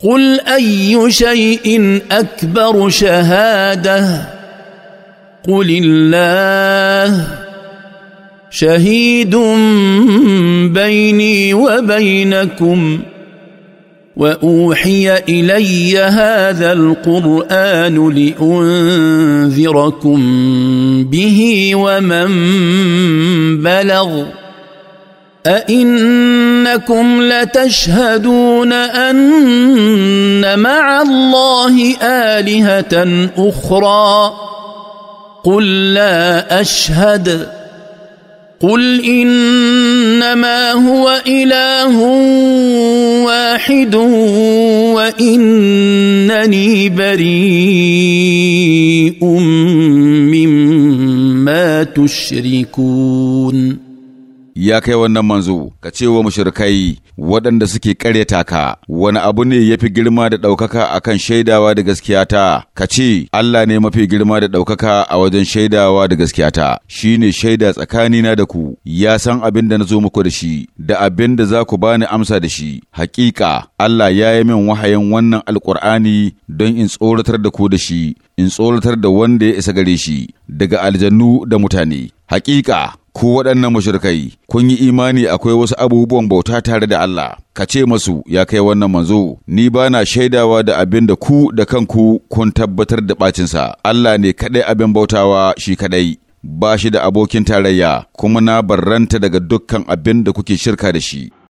قل اي شيء اكبر شهاده قل الله شهيد بيني وبينكم واوحي الي هذا القران لانذركم به ومن بلغ أئنكم لتشهدون أن مع الله آلهة أخرى قل لا أشهد قل إنما هو إله واحد وإنني بريء مما تشركون ya kai wannan manzo ka ce wa mushrikai waɗanda suke ƙareta ka wani abu ne ya fi girma da ɗaukaka a kan shaidawa da gaskiya ta? ka ce Allah ne mafi girma da ɗaukaka a wajen shaidawa da gaskiya ta. Shi ne shaida tsakanina da ku ya san abin da na zo muku da shi da abin da za ku bani amsa da shi Haƙiƙa Allah ya yi min wahayin wannan alkur'ani don in tsoratar da ku da shi in tsoratar da wanda ya isa gare shi daga aljannu da mutane Hakika, ku waɗannan mashirkai, kun yi imani akwai wasu abubuwan bauta tare da Allah, ka ce masu ya kai wannan manzo, ni ba na shaidawa da abin da ku da kanku kun tabbatar da ɓacinsa, Allah ne kaɗai abin bautawa shi kaɗai. Ba shi da abokin tarayya, kuma na barranta daga dukkan abin da kuke shirka da shi.